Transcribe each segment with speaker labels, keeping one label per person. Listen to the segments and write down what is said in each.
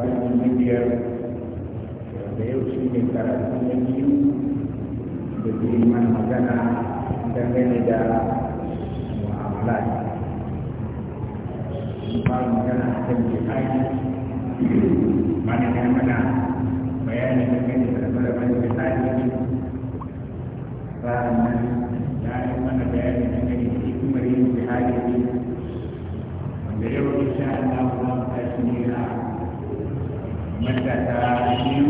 Speaker 1: bayan na biyar da yau shi ne karatu na da ke mana magana dangane da mu'amalat mun fara magana a kan jihadi mana ya mana bayani dangane da rabe-raben jihadi sa'an nan ya yi mana bayani dangane da hikimar yin jihadi wanda yau insha Allah za mu tashi ne a matasa biyu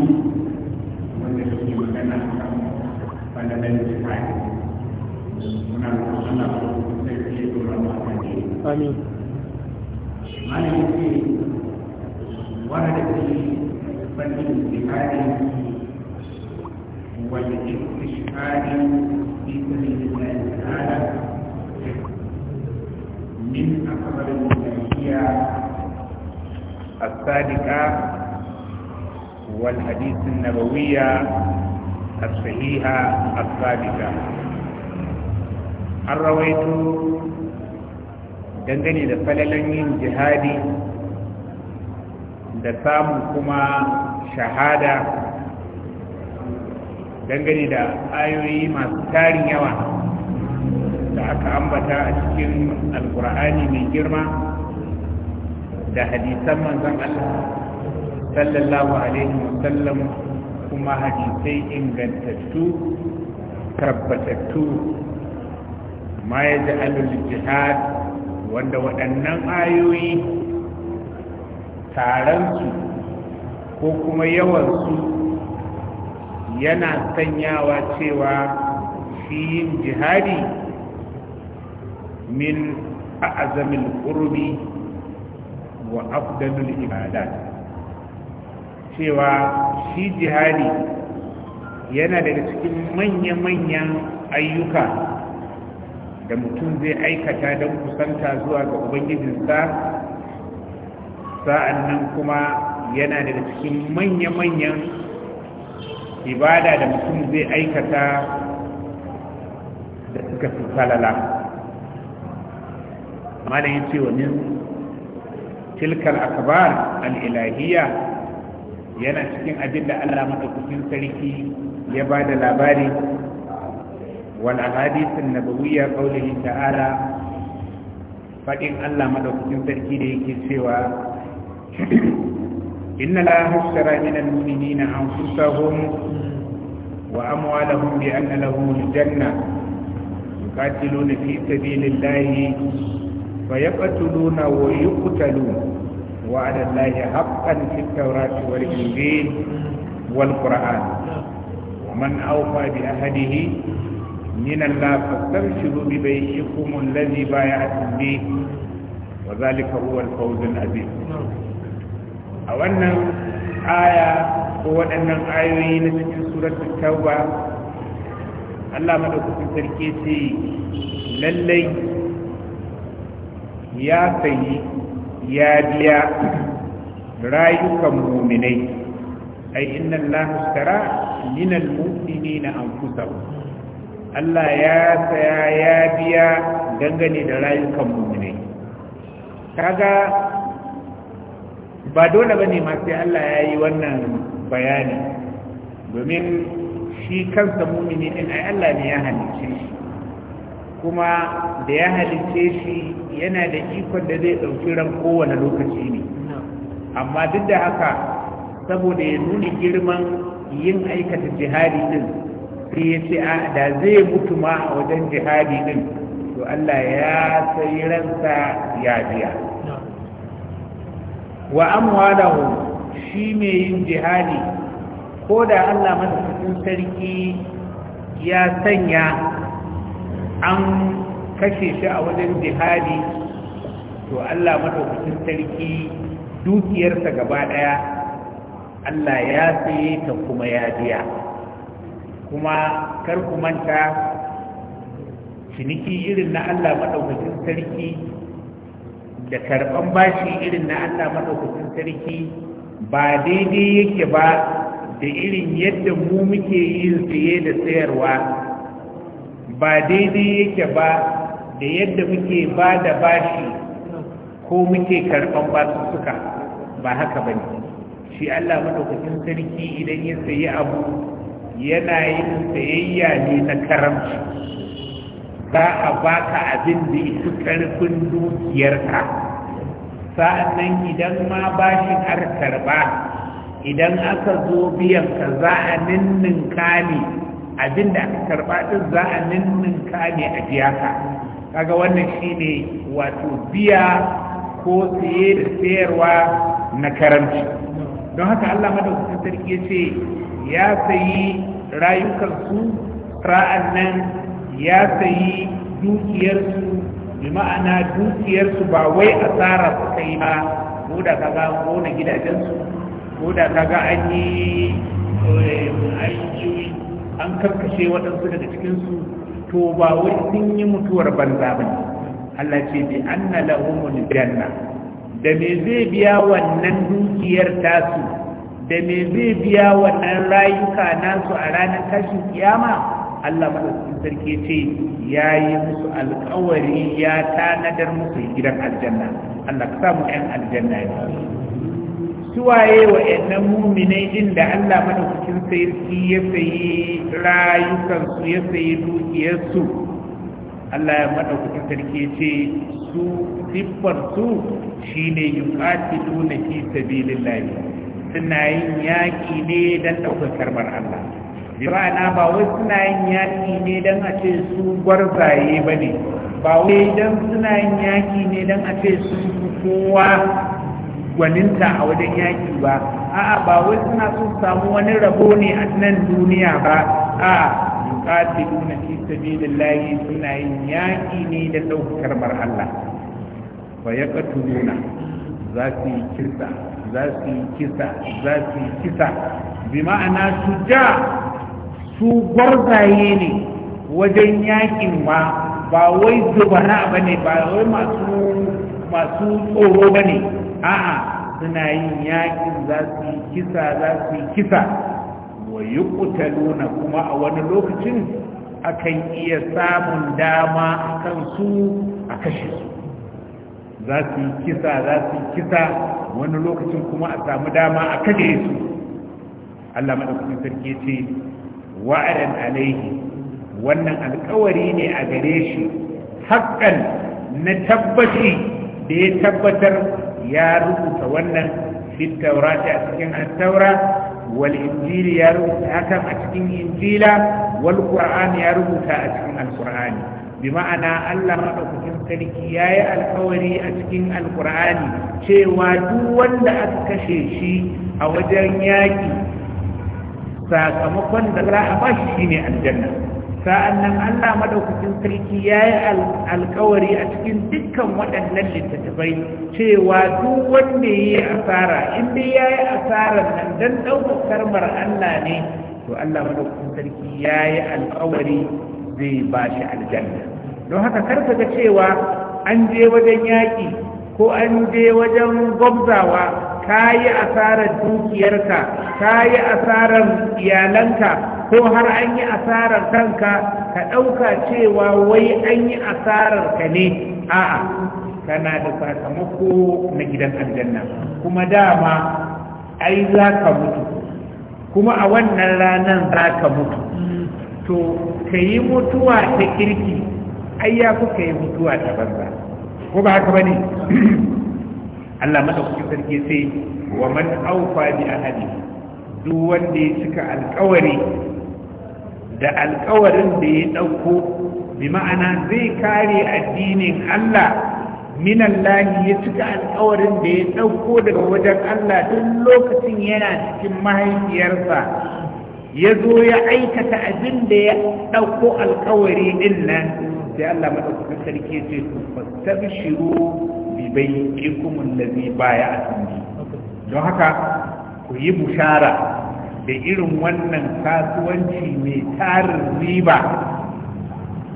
Speaker 1: wanda suke magana kan fadalan jihad muna Allah sai ke dora mu akan shi
Speaker 2: yake wani da ke fannin jihadi wanda ke jihadi fi sabilillah ta'ala
Speaker 1: min akbar al-jahiliya الصادقه والحديث النبوية الصحيحة الثابتة an rawaito dangane da falalan yin jihadi da samun kuma shahada dangane da ayoyi masu tarin yawa da aka ambata a cikin Alƙur'ani mai girma da hadisan manzon Allah sallallahu alaihi wasallam kuma hadisai ingantattu tabbatattu ma ya ji jihad wanda waɗannan ayoyi taransu ko kuma yawansu yana sanyawa cewa shi yin jihadi min a'azamil qurbi wa afdalul ibadat cewa shi jihadi yana daga cikin manya-manyan ayyuka da mutum zai aikata don kusanta zuwa ga ubangijinsa sa'an nan kuma yana daga cikin manya-manyan ibada da mutum zai aikata da suka fi falala ya ce wa min tilkar akabar al-ilahiyya yana cikin abin da Allah madaukakin sarki ya ba da labari wal ahadithin nabawiyya qawlihi ta'ala Faɗin Allah madaukakin sarki da yake cewa inna la hasara min al-mu'minina anfusahum wa da bi anna na al-janna yuqatiluna fi sabilillahi فيقتلون ويقتلون وعلى الله حقا في التوراة والإنجيل والقرآن ومن أوفى بأهله من الله فاستبشروا ببيعكم الذي بايعتم به وذلك هو الفوز العظيم أو أن آية هو أن الآيين في سورة التوبة Allah madaukakin sarki ce lallai ya sayi ya biya rayukan muminai ai inna Allah istara min almu'minina anfusahum Allah ya saya ya biya dangane da rayukan muminai kaga ba dole bane ma sai Allah ya yi wannan bayani domin shi kansa mumini din ai Allah ne ya halicce shi kuma da ya halicce shi yana da ikon da zai ɗauki ran kowane lokaci ne amma duk da haka saboda ya nuna girman yin aikata jihadi din sai ya ce a da zai mutu ma a wajen jihadi din to Allah ya sai ransa ya biya wa amwalahu shi mai yin jihadi ko da Allah madaukakin sarki ya sanya an kashe shi a wajen jihadi to Allah madaukakin sarki dukiyarsa gaba daya Allah ya saye ta kuma ya biya kuma kar ku manta ciniki irin na Allah madaukakin sarki da karban bashi irin na Allah madaukakin sarki ba daidai yake ba da irin yadda mu muke yin saye da sayarwa ba daidai yake ba da yadda muke ba da bashi ko muke karɓan basussuka ba haka ba ne shi Allah maɗaukakin sarki idan ya sayi abu yana yin sayayya ne na karamci za a baka abin da isi ƙarfin dukiyarka sa'annan idan ma bashin har karɓa idan aka zo biyan ka za a ninninka ne abin da aka karɓa ɗin za a ninninka ne a biya ka kaga wannan ne wato biya ko saye da tsayarwa na karamci don haka Allah madaukakin sarki ya ce ya sayi rayukansu ra'an nan ya sayi dukiyarsu bi ma'ana dukiyarsu ba wai asara su kai ba ko da kaga gona gidajensu ko da kaga eh, an yi an karkashe waɗansu daga cikinsu to ba wai sun yi mutuwar banza ba ne Allah ce bi anna lahumul janna da me zai biya wannan dukiyar tasu da me zai biya wannan rayuka nasu a ranar tashin kiyama Allah madaukakin sarki ce ya yi musu alkawari ya tanadar musu gidan aljanna Allah ka samu 'yan aljanna ne suwaye wa ƴannan muminai inda da Allah madaukakin sarki ya sayi rayukansu ya sayi dukiyarsu Allah ya madaukakin sarki ya ce su siffar su shine yuqatiluna fi sabilillah suna yin yaƙi ne don ɗaukakar mar Allah jirana ba wai suna yin yaƙi ne don a ce su gwarzaye ba ne ba wai don suna yin yaƙi ne don a ce su kowa gwaninta a wajen yaƙi ba a'a ba wai suna so samu wani rabo ne a nan duniya ba a yuqatilu na fi sabilillahi suna yin yaƙi ne da ɗaukar bar Allah wa yaqtuluna za su yi kisa za su yi kisa za su yi kisa bi ma'ana su ja su gwarzaye ne wajen yaƙin ma ba wai dubana ba ne ba wai masu tsoro ba ne a'a suna yin yakin za su yi kisa za su yi kisa wa kutaluna kuma a wani lokacin akan iya samun dama akan su a kashe su za su yi kisa za su yi kisa wani lokacin kuma a samu dama a kashe su Allah madaukakin sarki ya ce wa'adan alaihi wannan alkawari ne a gare shi haƙƙan na tabbaci da ya tabbatar ya rubuta wannan littaurati a cikin attaura wal injili ya rubuta hakan a cikin injila wal qur'ani ya rubuta a cikin alqur'ani bi ma'ana Allah madaukakin sarki ya yi alkawari a cikin alqur'ani cewa duk wanda aka kashe shi a wajen yaki, sakamakon da za a bashi shine aljanna sa'annan Allah maɗaukacin sarki ya yi alkawari a cikin dukkan waɗannan littattafai cewa duk wanda ya yi asara inda ya yi asarar nan don ɗaukar karmar Allah ne to Allah maɗaukacin sarki ya yi alkawari zai ba shi aljanna don haka ka ga cewa an je wajen yaƙi ko an je wajen gwamzawa. ka yi asarar dukiyarka ka yi asarar iyalanka ko har an yi asarar kanka ka ɗauka cewa wai an yi asarar ka ne a'a kana da sakamako na gidan aljanna kuma dama ai za ka mutu kuma a wannan ranar za ka mutu to ka yi mutuwa ta kirki ai ya kuka yi mutuwa ta banza ko ba haka ba ne Allah madaukakin sarki sai wa man aufa bi ahadi duk wanda ya cika alƙawari da alƙawarin da ya dauko bi ma'ana zai kare addinin Allah minan ya cika alƙawarin da ya dauko daga wajen Allah duk lokacin yana cikin mahaifiyarsa ya zo ya aikata abin da ya dauko alƙawari din nan sai Allah madaukakin sarki ya ce fastabshiru bibai kikumun lazi baya a tambi don haka ku yi bushara da irin wannan kasuwanci mai tarin riba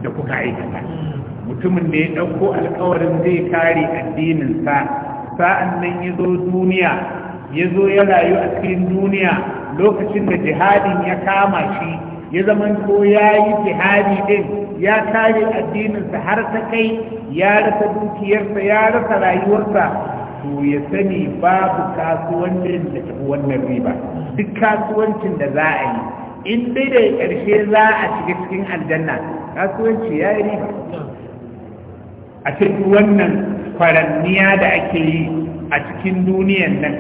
Speaker 1: da kuka aikata mutumin da ya ɗauko alkawarin zai kare addininsa sa'an nan ya zo duniya ya zo ya rayu a cikin duniya lokacin da jihadin ya kama shi ya zama ko ya yi jihadi din ya kare addininsa har ta kai ya rasa dukiyarsa ya rasa rayuwarsa to ya sani babu kasuwancin da tafi wannan riba duk kasuwancin da za a yi in dai da ƙarshe za a shiga cikin aljanna kasuwanci ya yi riba a cikin wannan kwaranniya da ake yi a cikin duniyan nan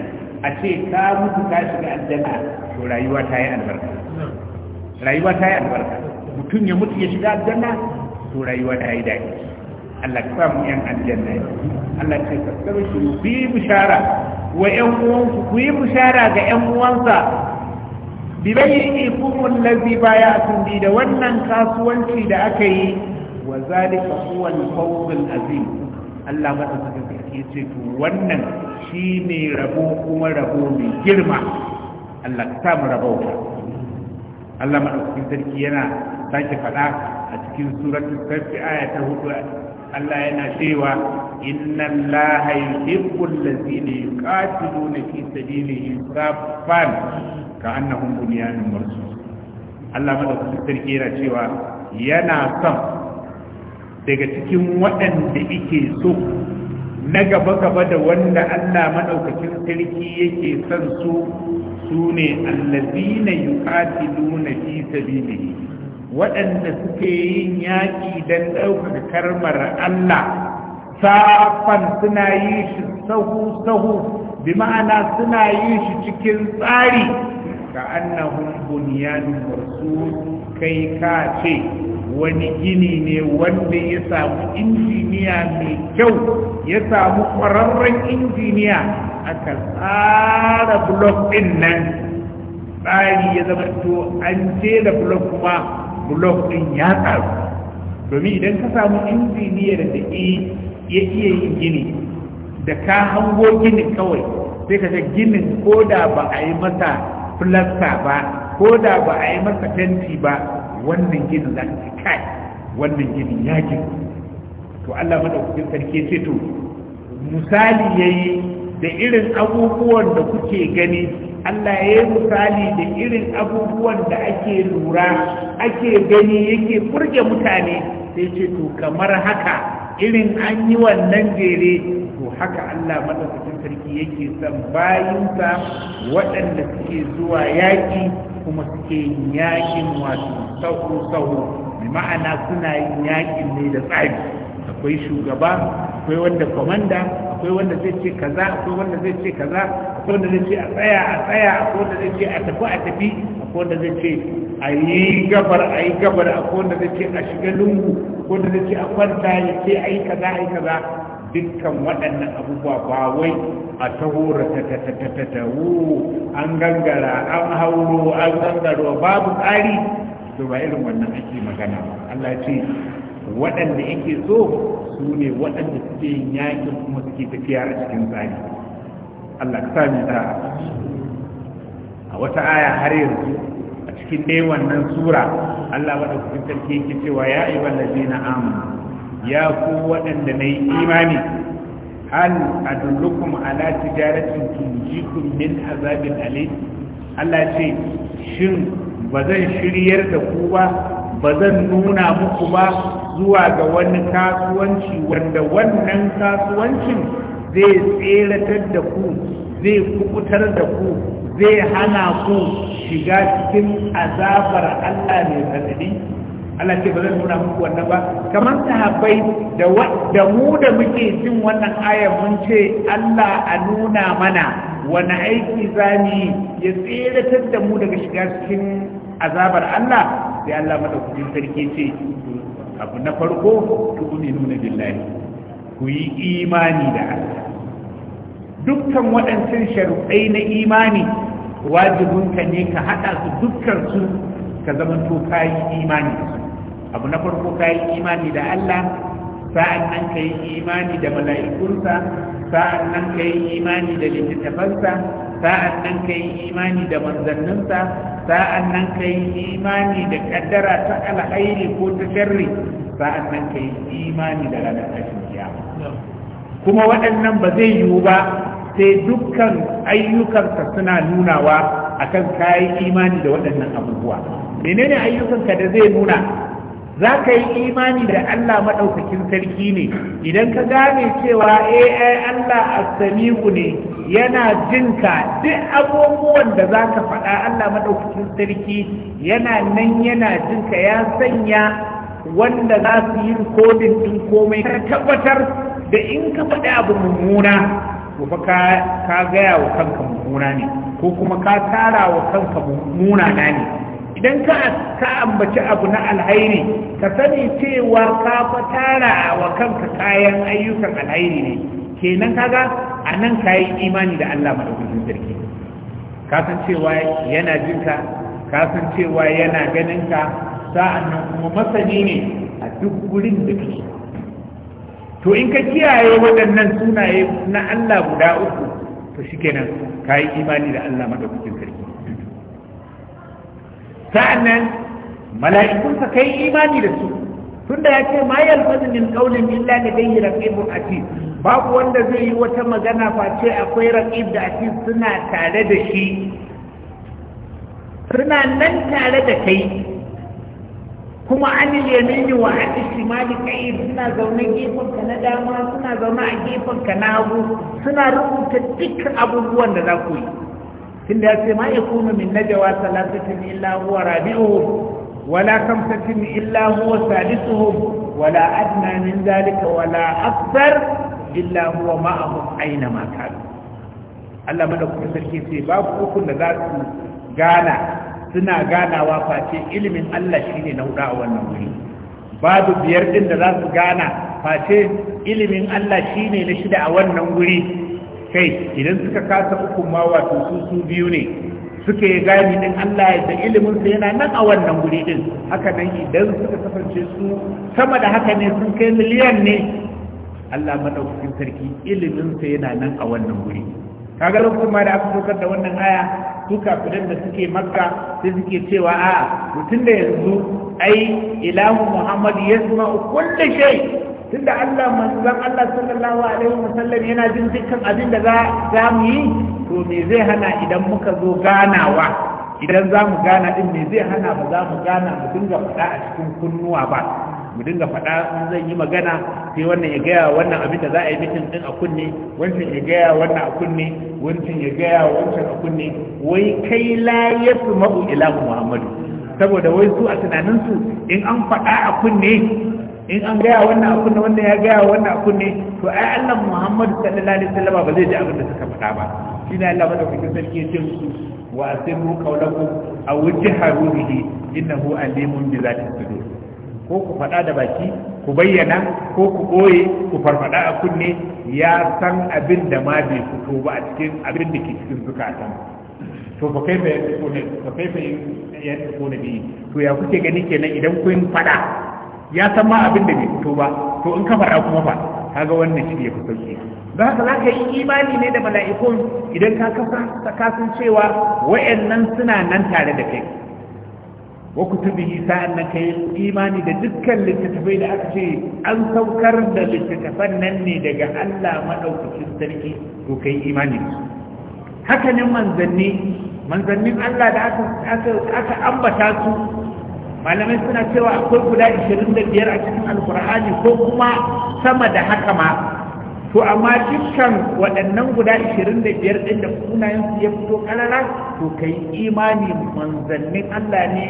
Speaker 1: a ce ka mutu ka shiga aljanna to rayuwa ta yi albarka rayuwa ta yi albarka mutum ya mutu ya shiga aljanna to rayuwa ta yi daɗi Allah ka samu yan aljanna ne Allah ce ka tsaro shi ku yi bishara wa ƴan uwanku ku yi bishara ga ƴan uwansa bi bayyini kumul ladhi baya'tum bi da wannan kasuwanci da aka yi wa zalika huwa al-fawzul azim Allah ta madaukakin sarki ce to wannan shine rabo kuma rabo mai girma Allah ka samu ta. Allah madaukakin sarki yana sake faɗa a cikin suratul kafi aya ta hudu Allah yana cewa inna Allah yuhibbul ladzina yuqatiluna fi sabilihi saffan ka'annahum bunyanun marsus Allah madaukakin sarki yana cewa yana son daga cikin waɗanda yake so na gaba gaba da wanda Allah maɗaukakin sarki yake son su su ne allazina yuqatiluna fi sabilihi waɗanda suke yin yaƙi don ɗaukaka karmar Allah safan suna yi shi sahu-sahu bi ma'ana suna yi shi cikin tsari ka annahun bunyanin wasu kai ka ce wani gini ne wanda ya samu injiniya mai kyau ya samu ƙwararren injiniya a aka tsara blok ɗin nan tsari ya zama to an ce da blok kuma blok ɗin ya tsaru domin idan ka samu injiniya da ya iya yin gini da ka hango gini kawai sai ka ga ginin ko da ba a yi masa filasta ba ko da ba a yi masa fenti ba wannan gini za ka kai wannan gini ya to Allah madaukakin sarki sai to misali yayi da irin abubuwan da kuke gani Allah ya yi misali da irin abubuwan da ake lura ake gani yake furge mutane sai ce to kamar haka irin an yi wannan jere to haka Allah madaukakin sarki yake son bayinsa waɗanda suke zuwa yaƙi kuma suke yin yaƙin wato sahu-sahu mai ma'ana suna yin yaƙin ne da tsari akwai shugaba akwai wanda komanda akwai wanda zai ce kaza akwai wanda zai ce kaza akwai wanda zai ce a tsaya a tsaya akwai wanda zai ce a tafi a tafi akwai wanda zai ce a yi gabar a yi gabar a wanda da ce a shiga lungu wanda da ce a kwanta ya ce a yi kaza a yi kaza dukkan waɗannan abubuwa ba wai a tahura ta ta ta ta ta ta an gangara an hauro an gangaro babu tsari to ba irin wannan ake magana ba Allah ce waɗanda yake so su ne waɗanda suke yin yaƙi kuma suke tafiya a cikin tsari Allah ka sami ta a wata aya har yanzu cikin dai wannan sura Allah madaukakin sarki yake cewa ya na amanu ya ku waɗanda yi imani hal adullukum ala tijaratin tunjikum min azabin alim Allah ce shin ba zan shiryar da ku ba ba zan nuna muku ba zuwa ga wani kasuwanci wanda wannan kasuwancin zai tseratar da ku zai kubutar da ku zai hana ku shiga cikin azabar Allah mai sanadi Allah ce ba zan nuna muku wannan ba kamar sahabbai da da mu da muke jin wannan ayar mun ce Allah a nuna mana wani aiki zani ya tseratar da mu daga shiga cikin azabar Allah sai Allah madaukakin sarki ce abu na farko tu'minu billahi ku yi imani da Allah dukkan waɗancin sharuɗai na imani wajibinka ne ka haɗa su dukkan su ka zama to kayi imani abu na farko kayi imani da Allah sa'an nan ka yi imani da mala'ikunsa sa'an nan ka yi imani da littattafansa sa'an nan ka yi imani da manzanninsa sa'an nan ka yi imani da kaddara ta alhairi ko ta sharri sa'an nan ka yi imani da ranar tashin kiyama kuma waɗannan ba zai yiwu ba sai dukkan ayyukanka suna nunawa akan kayan imani da waɗannan abubuwa menene ayyukanka da zai nuna za ka yi imani da Allah maɗaukakin sarki ne idan ka gane cewa eh, ai Allah as ne yana jinka duk abubuwan da za ka faɗa Allah maɗaukakin sarki yana nan yana jinka ya sanya wanda za su yi kodin ɗin komai ka tabbatar da in ka faɗi abu mummuna gobe ka gaya wa kanka mummuna ne ko kuma ka tara wa kanka mummuna ne idan ka ambaci abu na alhairi ka sani cewa ka fa tara wa kanka kayan ayyukan alhairi ne kenan kaga a nan ka imani da Allah madaukakin sarki ka san cewa yana jinka ka san cewa yana ganinka sa'an nan kuma masani ne a duk gurin da kake to in ka kiyaye waɗannan sunaye na Allah guda uku to shikenan ka yi imani da Allah madaukakin sarki sa'annan mala'ikunsa ka yi imani da su tunda ya ce ma yalfazin min qawlin illa dai raqib atid babu wanda zai yi wata magana face akwai raqib da atid suna tare da shi suna nan tare da kai kuma an yamini wa an shimali kai suna zaune gefen ka na dama suna zaune a gefenka na hagu suna rubuta dukkan abubuwan da za ku yi tun da ya ce ma yakunu min najwa salasatin illa huwa Rabi'u, wala kamsatin illa huwa salisuhum wala adna min zalika wala akthar illa huwa ma'ahum aina ma kanu Allah madaukakin sarki sai babu hukun da za su gana suna ganawa face ilimin Allah ne na huda a wannan wuri babu biyar ɗin da za su gana face ilimin Allah shi ne na shida a wannan wuri kai idan suka kasa uku ma wato su su biyu ne suka yi gani din Allah da sa yana nan a wannan guri din haka nan idan suka kasance su sama da haka ne sun kai miliyan ne Allah madaukakin sarki iliminsa yana nan a wannan guri kaga lokacin ma da aka saukar da wannan aya duka kafiran da suke makka sai suke cewa a mutum da yanzu ai ilahu muhammad ya zama kulle shai tunda allah manzon allah sallallahu alaihi wasallam yana jin dukkan abin da za mu yi to me zai hana idan muka zo ganawa idan za mu gana din me zai hana ba za mu gana mu dinga faɗa a cikin kunnuwa ba mu dinga faɗa zan yi magana sai wannan ya gaya wannan abin da za a yi mitin din a kunne wancan ya gaya wannan a kunne wancan ya gaya wancan a kunne wai kai la yasu mabu ilahu muhammadu saboda wai su a tunaninsu in an faɗa a kunne in an gaya wannan a kunne wannan ya gaya wannan a kunne to ai Allah Muhammadu sallallahu alaihi wasallam ba zai ji abin da suka faɗa ba shi ne Allah madaukakin sarki ya ce musu wa asiru qawlakum aw jaharu bihi innahu alimun bi zati sudur ko ku faɗa da baki ku bayyana ko ku ɓoye ku farfaɗa a kunne ya san abin da ma bai fito ba a cikin abin da ke cikin zukatan to ba kai fa ya fito ne bi to ya kuke gani kenan idan kun faɗa ya san ma abin da bai fito ba to in ka faɗa kuma fa kaga wannan shi ya fito sauki ba haka za ka yi imani ne da mala'ikun idan ka kasa cewa wa'annan suna nan tare da kai wa kutubihi sa'an nan kai imani da dukkan littattafai da aka ce an saukar da littattafan nan ne daga Allah madaukakin sarki to kai imani haka ne manzanni Allah da aka aka ambata su malamai suna cewa akwai guda 25 a cikin alkur'ani ko kuma sama da haka ma to amma dukkan waɗannan guda 25 ɗin da su ya fito kalala to ka yi imani manzannin Allah ne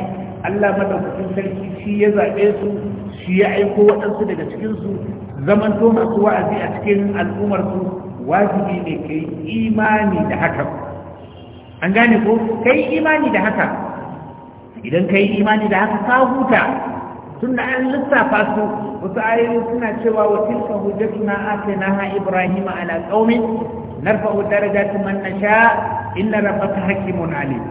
Speaker 1: Allah madaukakin sarki shi ya zaɓe su shi ya aiko waɗansu daga cikinsu zaman to masu wa'azi a cikin su wajibi ne ka yi imani da haka an gane ko ka yi imani da haka idan ka yi imani da haka ka huta tunda an lissafa su wasu ayoyi suna cewa wa tilka hujjatuna atainaha ibrahima ala qaumi narfa'u darajatin man nasha inna rabbaka hakimun alim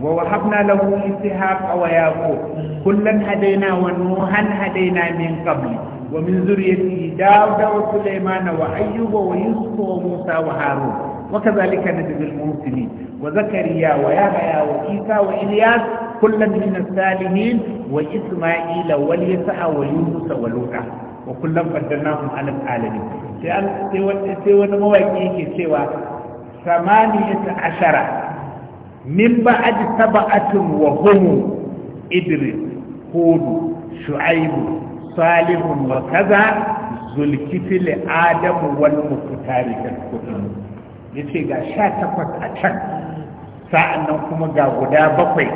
Speaker 1: wa wahabna lahu ishaqa wa yaqub kullan hadaina wa nuhan hadaina min qabl wa min zurriyyatihi dawuda wa sulaymana wa ayyuba wa yusuf wa musa wa harun وكذلك نجد المحسنين wa Isa wa والياس كل من السالمين وإسماعيل واليسع ويونس ولوطا وكلا قدرناهم على العالمين sai an sai wani mawaƙi yake cewa samaniya ta ashara min ba a ji taba atin wa homo idris hudu shu'aibu salihun wa kaza zulkifi le adamu wani mutu tarihi kudin ya ce ga sha takwas a can sa'an nan kuma ga guda bakwai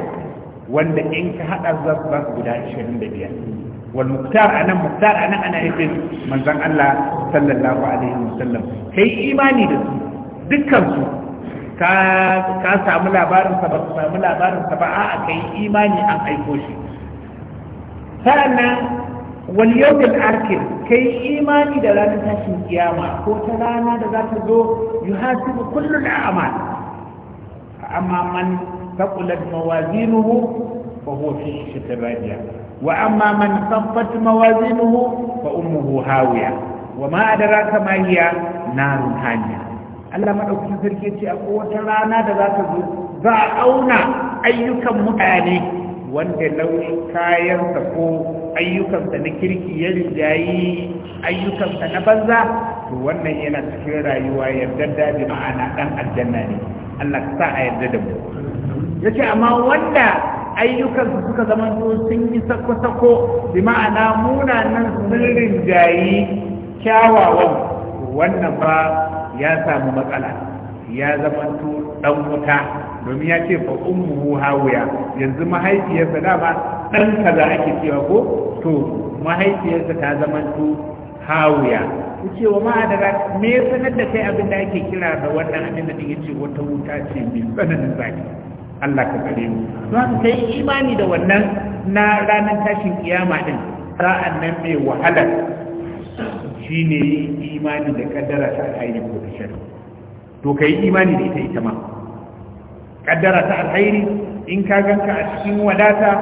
Speaker 1: wanda in ka haɗa za su ba su guda 25 wal muktar anan muktar anan ana nufin manzon Allah sallallahu alaihi wasallam kai imani da su dukkan su ka ka samu labarin sa ba samu labarin sa ba a'a kai imani an aiko shi sa'annan wal yawmil akhir kai imani da ranar tashin kiyama ko ta rana da za ta zo yuhasibu kullu al a'mal amma man ثقلت موازينه فهو في عيشة راضية وأما من خفت موازينه فأمه هاوية وما أدراك ما هي نار هانية Allah maɗauki sarki ce a kowace rana da za ta zo za a auna ayyukan mutane wanda launin kayansa ko ayyukansa na kirki ya rijayi ayyukansa na banza to wannan yana cikin rayuwa yardar da ma'ana ɗan aljanna ne Allah ka sa a yadda da mu ya amma wanda ayyukansa suka zama sun yi sako-sako bi ma'ana munanan sirrin jayi kyawawan wannan ba ya samu matsala ya zama dan wuta domin ya ce fa ummuhu hawiya yanzu mahaifiyarsa dama dan kaza ake cewa ko to mahaifiyarsa ta zama hawiya ce wa ma daga me sanar da kai abin da ake kira da wannan abin da yake wata wuta ce mai tsananin zaki Allah ka kare mu don haka kai imani da wannan na ranar tashin kiyama din sa'an nan mai wahala shine imani da kaddara ta alhairi ko ta shari to kai imani da ita ita ma kaddara ta alhairi in ka ganka a cikin wadata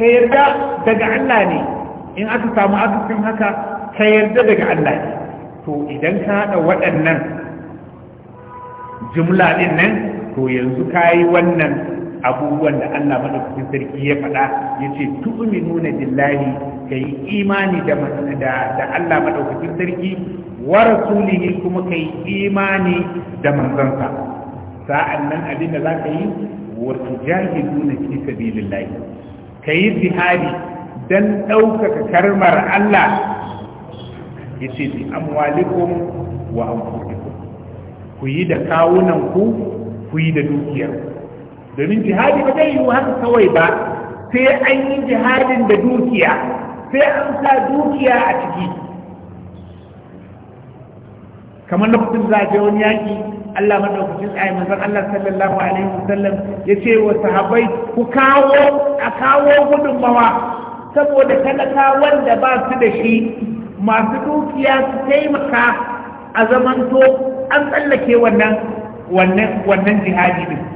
Speaker 1: ka yarda daga Allah ne in aka samu akasin haka ka yarda daga Allah ne to idan ka haɗa waɗannan jumla ɗin nan to yanzu ka yi wannan abubuwan da Allah madaukakin sarki ya faɗa ya ce nuna billahi ka yi imani da Allah madaukakin sarki wa rasulihi kuma ka yi imani da manzansa sa'an nan abin da za ka yi wa nuna fi sabilillahi ka yi jihadi dan ɗaukaka karmar Allah ya ce bi amwalikum wa anfusikum ku yi da kawunanku ku yi da dukiyarku domin jihadi ba zai yiwu haka kawai ba sai an yi jihadin da dukiya sai an sa dukiya a ciki kamar lokacin za a wani yaƙi Allah madaukakin ayi manzon Allah sallallahu alaihi wasallam ya ce wa sahabbai ku kawo a kawo gudunmawa saboda talaka wanda ba su da shi masu dukiya su taimaka a zamanto an tsallake wannan wannan wannan jihadi din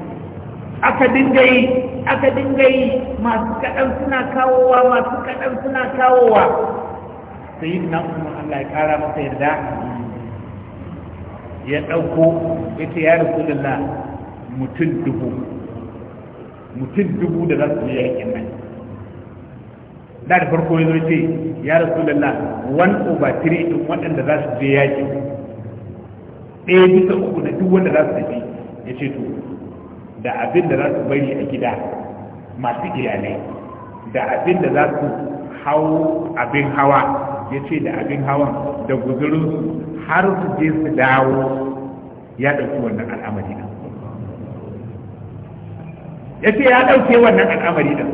Speaker 1: aka dinga yi aka dinga yi masu kaɗan suna kawowa masu kaɗan suna kawowa sai na umar Allah ya ƙara masa yarda ya ɗauko ya ce ya rasulullah mutum dubu mutum dubu da za su yi yakin nan da da farko ya zo ce ya rasulullah one over three ɗin waɗanda za su je yakin ɗaya bisa uku na duk wanda za su tafi ya ce to da abin da za su bari a gida masu iyalai da abin da za su hau abin hawa ya ce da abin hawan da guzurin har su je su dawo ya ɗauki wannan al'amari ɗin ya ce ya ɗauke wannan al'amari ɗin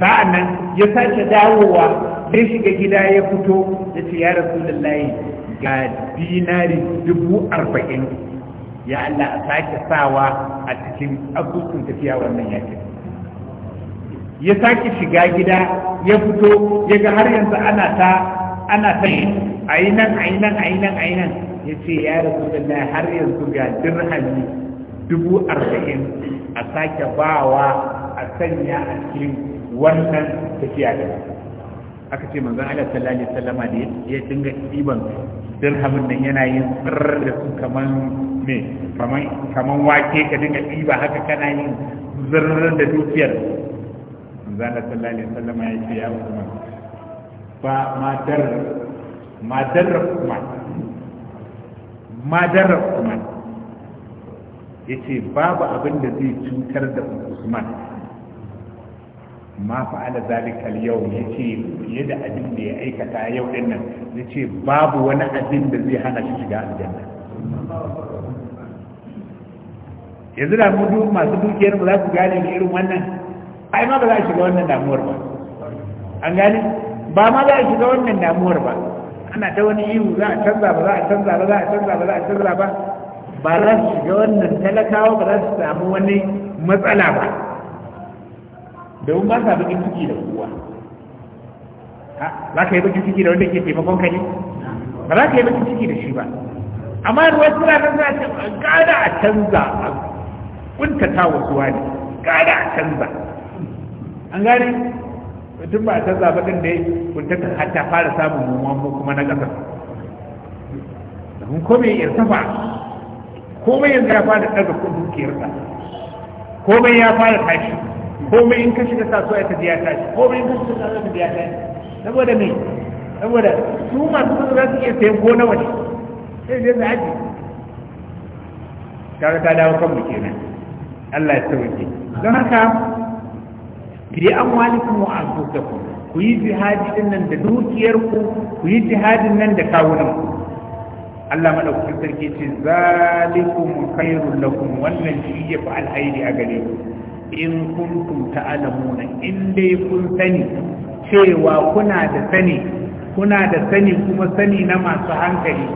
Speaker 1: sa'an nan ya sake dawowa ya shiga gida ya fito ya ce ya rasu lallai ga dinari dubu arba'in ya Allah a sake sawa a cikin abubuwan tafiya wannan yakin ya sake shiga gida ya fito ya ga har yanzu ana ta ana ta ayi nan ayi nan ya ce ya rasu da har yanzu ga dirhami dubu arba'in a sake bawa a sanya a cikin wannan tafiya da aka ce manzon Allah sallallahu alaihi wasallama da ya dinga ɗiban dirhamin nan yana yin tsirrar da su kamar me kaman kaman wake ka dinga ɗiba haka kana yin zirrin da dukiyar zana sallallahu alaihi wasallam ya ce ya kuma ba madar madar kuma madar kuma yace babu abin da zai cutar da Usman ma ala zalika al-yawm yace fiye da abin da ya aikata yau din nan yace babu wani abin da zai hana shi shiga aljanna yanzu da mu masu dukiyar mu za ku gane da irin wannan ai ma ba za a shiga wannan damuwar ba an gane ba ma za a shiga wannan damuwar ba ana ta wani ihu za a canza ba za a canza ba za a canza ba za a canza ba ba za su shiga wannan talakawa ba za su samu wani matsala ba domin ba sa bakin ciki da kowa za ka yi bakin ciki da wanda ke taimakon ka ne ba za ka yi bakin ciki da shi ba amma ruwa suna nan za a ce a gada a canza kuntata wa suwa ne kara a canza an gane mutum ba a canza ba din dai kuntata har ta fara samun mummuwan mu kuma na ƙasa domin komai ya safa komai yanzu ya fara ɗaga kudin dukiyarsa komai ya fara tashi komai in ka shiga so ya tafi ya tashi komai in ka shiga kasuwa ya tafi ya tashi saboda me saboda su masu kudu za su iya sayan ko nawa ne sai zai zai aji kaga ta dawo kan mu kenan Allah ya sauke don haka bi amwalikum wa anfusakum ku yi jihadi din nan da dukiyar ku ku yi jihadin nan da kawunan ku Allah madaukakin sarki ce zalikum khairul lakum wannan shi ya fi alhairi a gare ku in kuntum ta'lamuna in dai kun sani cewa kuna da sani kuna da sani kuma sani na masu hankali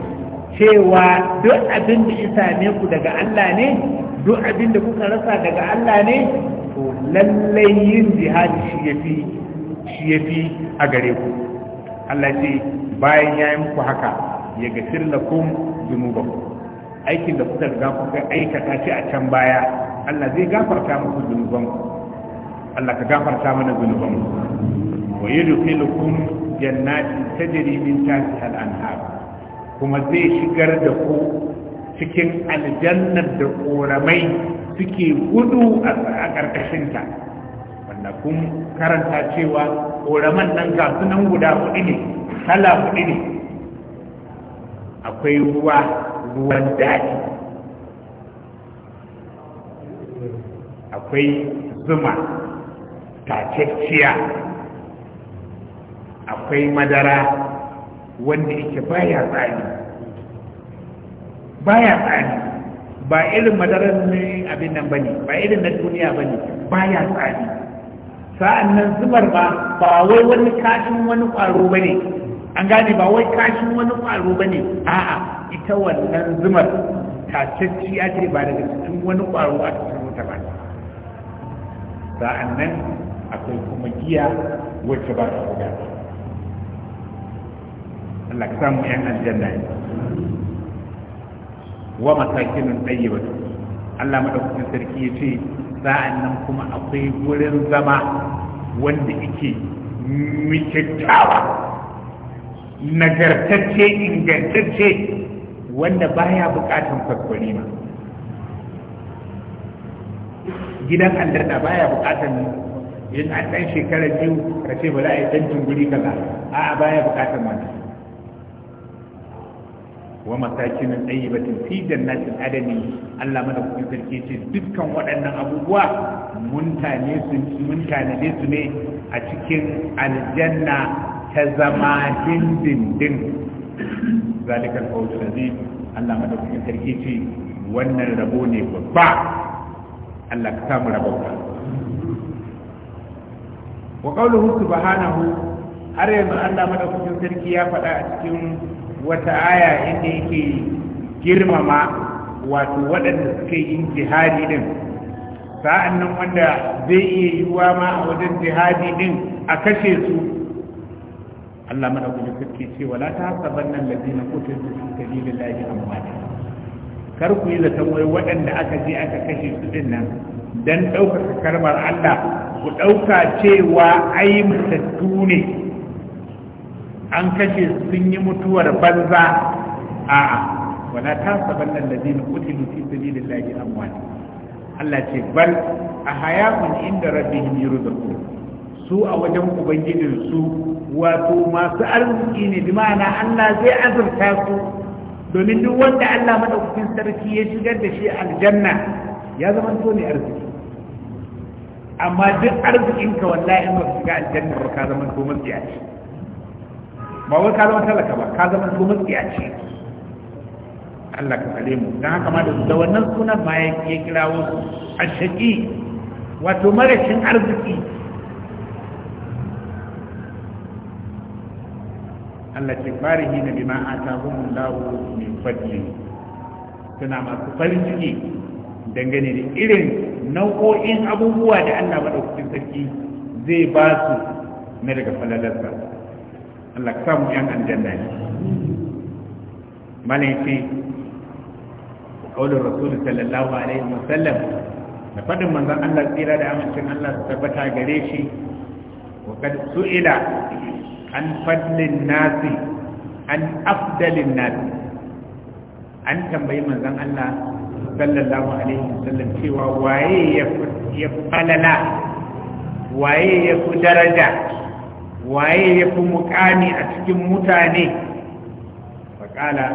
Speaker 1: cewa duk abin da ya same ku daga Allah ne duk abin da kuka rasa daga Allah ne to lallai yin jihadi shi yafi shi yafi a gare ku Allah ce bayan ya yi muku haka ya gafir lakum dhunubakum aikin da kuka riga kuka aikata shi a can baya Allah zai gafarta muku dhunuban Allah ka gafarta mana dhunuban wa yudkhilukum jannatin tajri min tahtiha al-anhar kuma zai shigar da ku cikin aljannar da ƙoramai suke gudu a ƙarƙashinta wanda kun karanta cewa ƙoraman nan ga sunan guda hudu ne kala hudu ne akwai ruwa ruwan daji akwai zuma tacecciya akwai madara wanda yake baya tsari baya tsari ba irin madarar ne abin nan bane ba irin na duniya bane baya tsari sa'an nan zubar ba ba wai wani kashin wani kwaro bane an gane ba wai kashin wani kwaro bane a'a ita wannan zumar tacacciya ce ba daga cikin wani kwaro a cikin wuta ba sa'an nan akwai kuma giya wacce ba ta buga Allah ka samu 'yan aljanna ne wa masakinun ɗayyiba Allah maɗaukacin sarki ya ce sa'an nan kuma akwai wurin zama wanda yake mikyattawa nagartacce ingantacce wanda baya bukatan kwaskwari ma gidan aljanna baya bukatan yin a ɗan shekarar biyu ka ce ba za a yi tantin guri kaza a'a baya bukatan wannan wa masakin tayyibatin fi jannatin adani Allah madaukakin sarki ce dukkan waɗannan abubuwa mun tane su ne a cikin aljanna ta zama dindindin zalikal fawzul azim Allah madaukakin sarki ce wannan rabo ne babba Allah ka samu rabauta wa har yanzu Allah sarki ya faɗa a cikin wata aya inda yake girmama wato waɗanda suka yi jihadi ɗin, sa'an nan wanda zai iya yiwuwa ma a wajen jihadi ɗin, a kashe su Allah madaukakin sarki ce wala ta hasaban nan ladina kutu su fi sabilillahi amwata kar ku yi zaton wai waɗanda aka je aka kashe su ɗin nan don ɗaukaka karbar Allah ku ɗauka cewa ai mutattu ne an kashe sun yi mutuwar banza a'a wala tasabanna alladhina qutilu fi sabilillahi amwat Allah ce bal a hayakun inda rabbihim yurzaqun su a wajen ubangijin su wato masu arziki ne bi ma'ana Allah zai azurta su domin duk wanda Allah madaukakin sarki ya shigar da shi aljanna ya zama to ne arziki amma duk arzikinka wallahi in ba shiga aljanna ba ka zama to matsiyaci ba wai ka zama talaka ba ka zama su ce Allah ka tsare mu don haka ma da wannan sunan ma ya kira wasu shaƙi wato marashin arziki Allah ce farihi na bima atahum lawo mai fadli suna masu farin ciki dangane da irin nau'o'in abubuwa da Allah madaukakin sarki zai ba su na daga falalarsa Allah ka samu yan aljanna ne malaiki kaulin rasul sallallahu alaihi wasallam da fadin manzon Allah tsira da amincin Allah su tabbata gare shi wa kad su'ila an fadlin nasi an afdalin nasi an tambayi manzon Allah sallallahu alaihi wasallam cewa waye ya fi falala waye ya fi daraja waye ya fi mukami a cikin mutane faƙala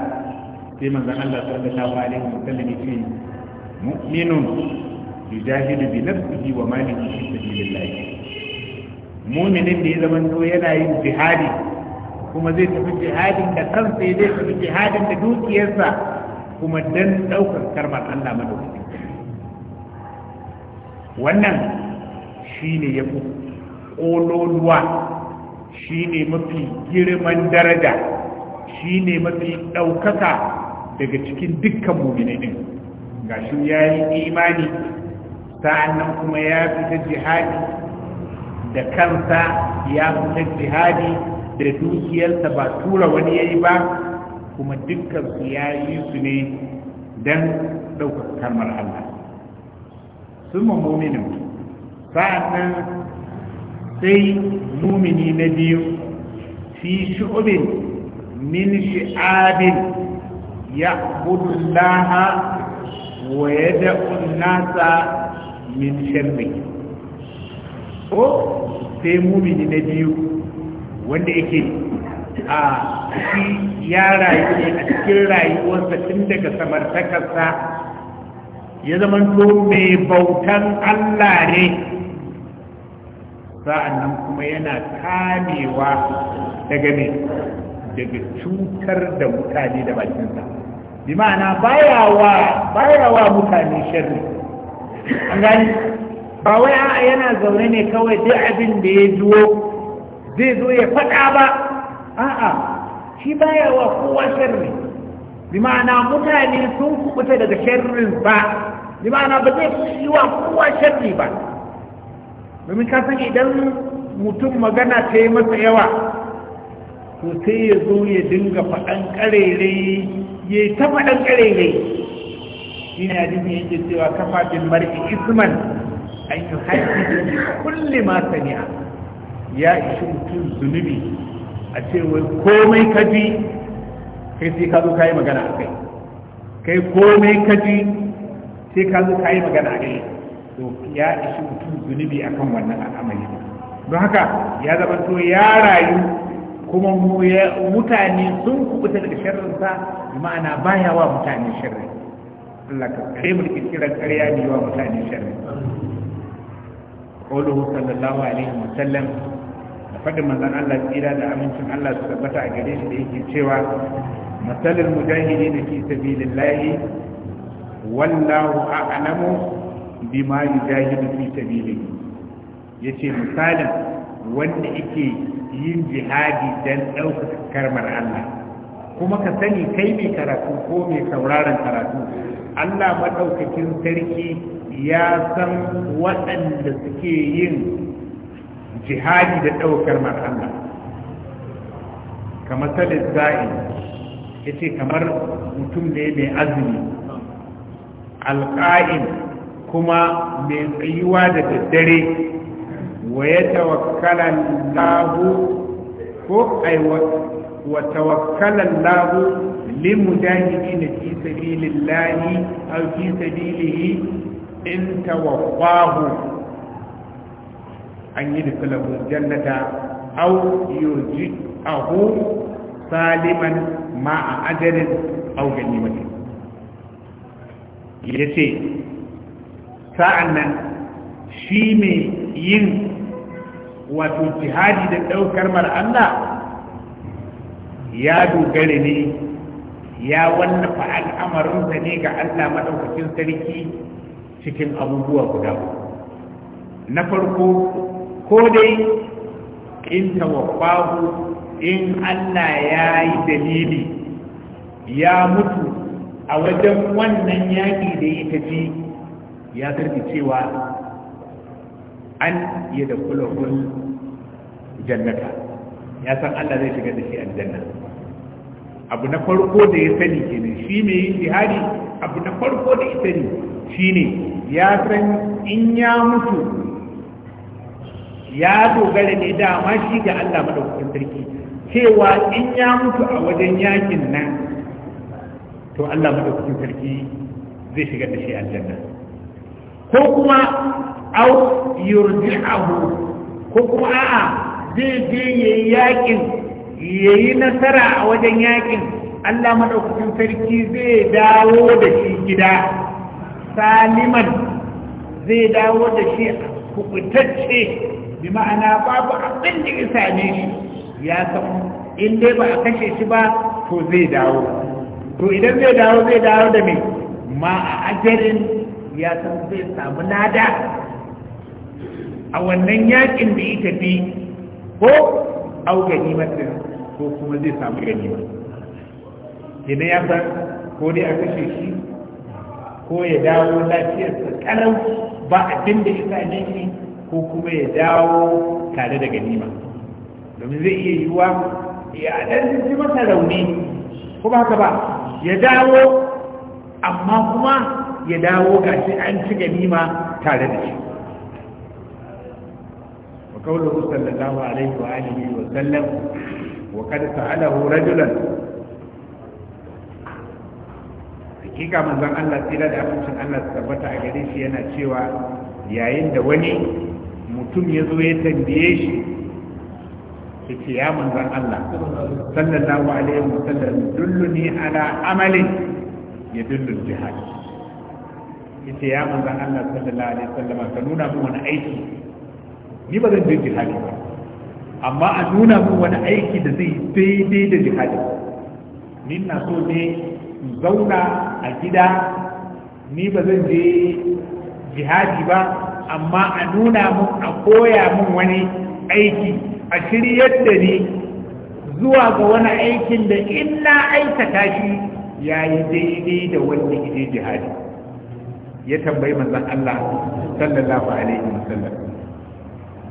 Speaker 1: sai manzan Allah sallallahu alaihi wa sallam ce mu'minun yujahidu bi nafsihi wa malihi fi sabilillah mu'minin da ya zama to yana yin jihadi kuma zai tafi jihadin da kansa zai tafi jihadin da dukiyarsa kuma dan daukar karbar Allah madaukakin wannan shine yafi ƙololuwa Shi ne mafi girman daraja Shi ne mafi ɗaukaka daga cikin dukkan muminai ga shi ya yi imani sa'annan kuma ya fita jihadi da kansa ya fita jihadi da dukiyarsa ba tura wani ya yi ba kuma dukkansu ya yi su ne don ɗaukar kalmar Allah sun mummuminin sa'annan sai mumini na biyu fi shu'ubin min shi'abin ya laha wa ya da'un nasa min ko sai mumini na biyu wanda yake a shi ya rayu a cikin rayuwarsa tun daga samartakarsa ya zama to mai bautan Allah ne nan kuma yana kamewa daga ne daga cutar da mutane da bakinsa bi ma'ana bayawa wa mutane sharri an gani ba wai a yana zaune ne kawai duk abin da ya zuwo zai zo ya faɗa ba a'a shi baya wa kowa sharri bi ma'ana mutane sun kuɓuta daga sharrin ba bi ma'ana ba zai yi wa kowa sharri ba domin ka san idan mutum magana ta yi masa yawa to sai ya zo ya dinga faɗan ƙarere ya yi ta faɗan ƙarere shi ne hadisi yake cewa kafafin mar'i isman an yi haifi da kulle ma ya ishi mutum zunubi a wai komai kaji kai sai ka zo ka yi magana a kai kai komai kaji sai ka zo ka yi magana a kai to ya ishi mutum zunubi akan wannan al'amari don haka ya zama to ya rayu kuma mutane sun kubuta daga sharrinsa ma'ana baya wa mutane sharri Allah ka kai mulki kiran ƙarya ne wa mutane sharri qawluhu sallallahu alaihi wa sallam da fadin manzon Allah tsira da amincin Allah su tabbata a gare shi da yake cewa masalul mujahidin fi sabilillah wallahu a'lamu bima yujahidu fi Ya yace misalin wanda yake yin jihadi don ɗaukar karmar Allah kuma ka sani kai mai karatu ko mai sauraron karatu Allah maɗaukakin sarki ya san waɗanda suke yin jihadi da ɗaukar Allah kamar salin za'in ya ce kamar mutum ne mai azumi alƙa'in kuma mai tsayuwa da daddare wa ya tawakkalan lahu ko wa tawakkalan lahu limujahidi na fi sabilin lahi a fi sabilihi in tawaffahu an yi da filamun jannata au yoji ahu saliman ma a ajarin au ganimata ya ce sa'an nan shi mai yin wato jihadi da ɗaukar mar ya dogare ne ya wallafa al'amarinsa ne ga Allah maɗaukacin sarki cikin abubuwa guda na farko ko dai in tawaffahu in Allah ya yi dalili ya mutu a wajen wannan yaƙi da ya tafi ya sarki cewa an yi da kulakul jannata ya san Allah zai shiga da shi aljanna abu na farko da ya sani kenan shi mai yin jihadi abu na farko da ya sani shi ne ya san in ya mutu ya dogara ne dama shi ga Allah madaukakin sarki cewa in ya mutu a wajen yakin nan to Allah madaukakin sarki zai shiga da shi aljanna ko kuma au yurji'ahu ko kuma a'a zai je yayi yakin yayi nasara a wajen yakin Allah madaukakin sarki zai dawo da shi gida saliman zai dawo da shi kubutacce bi ma'ana babu abin da isa ne ya samu. in dai ba a kashe shi ba to zai dawo to idan zai dawo zai dawo da me ma a ajarin ya san zai samu lada a wannan yakin da ita tafi ko au ganimatin ko kuma zai samu ganima idan ya san ko dai a kashe shi ko ya dawo lafiyarsa kalau ba abin da isa ne ko kuma ya dawo tare da ganima domin zai iya yiwuwa ya dan ji masa rauni ko ba ka ba ya dawo amma kuma ya dawo ga shi an ci ganima tare da shi wa da sallallahu alaihi wa alihi wa sallam wa kad sa'alahu rajulan hakika manzon Allah tsira da abincin Allah tabbata a gare shi yana cewa yayin da wani mutum ya zo ya tambaye shi yake ya manzan Allah sallallahu alaihi wa sallam dulluni ala amalin ya dullun jihad yace ya manzan Allah sallallahu alaihi wasallam ka nuna min wani aiki ni ba zan je jihadi ba amma a nuna min wani aiki da zai daidai da jihadi ni na so ne in zauna a gida ni ba zan je jihadi ba amma a nuna min a koya min wani aiki a shiryar da ni zuwa ga wani aikin da in na aikata shi ya yi daidai da wanda ke jihadi ya tambayi manzon Allah sallallahu alaihi wa wasallam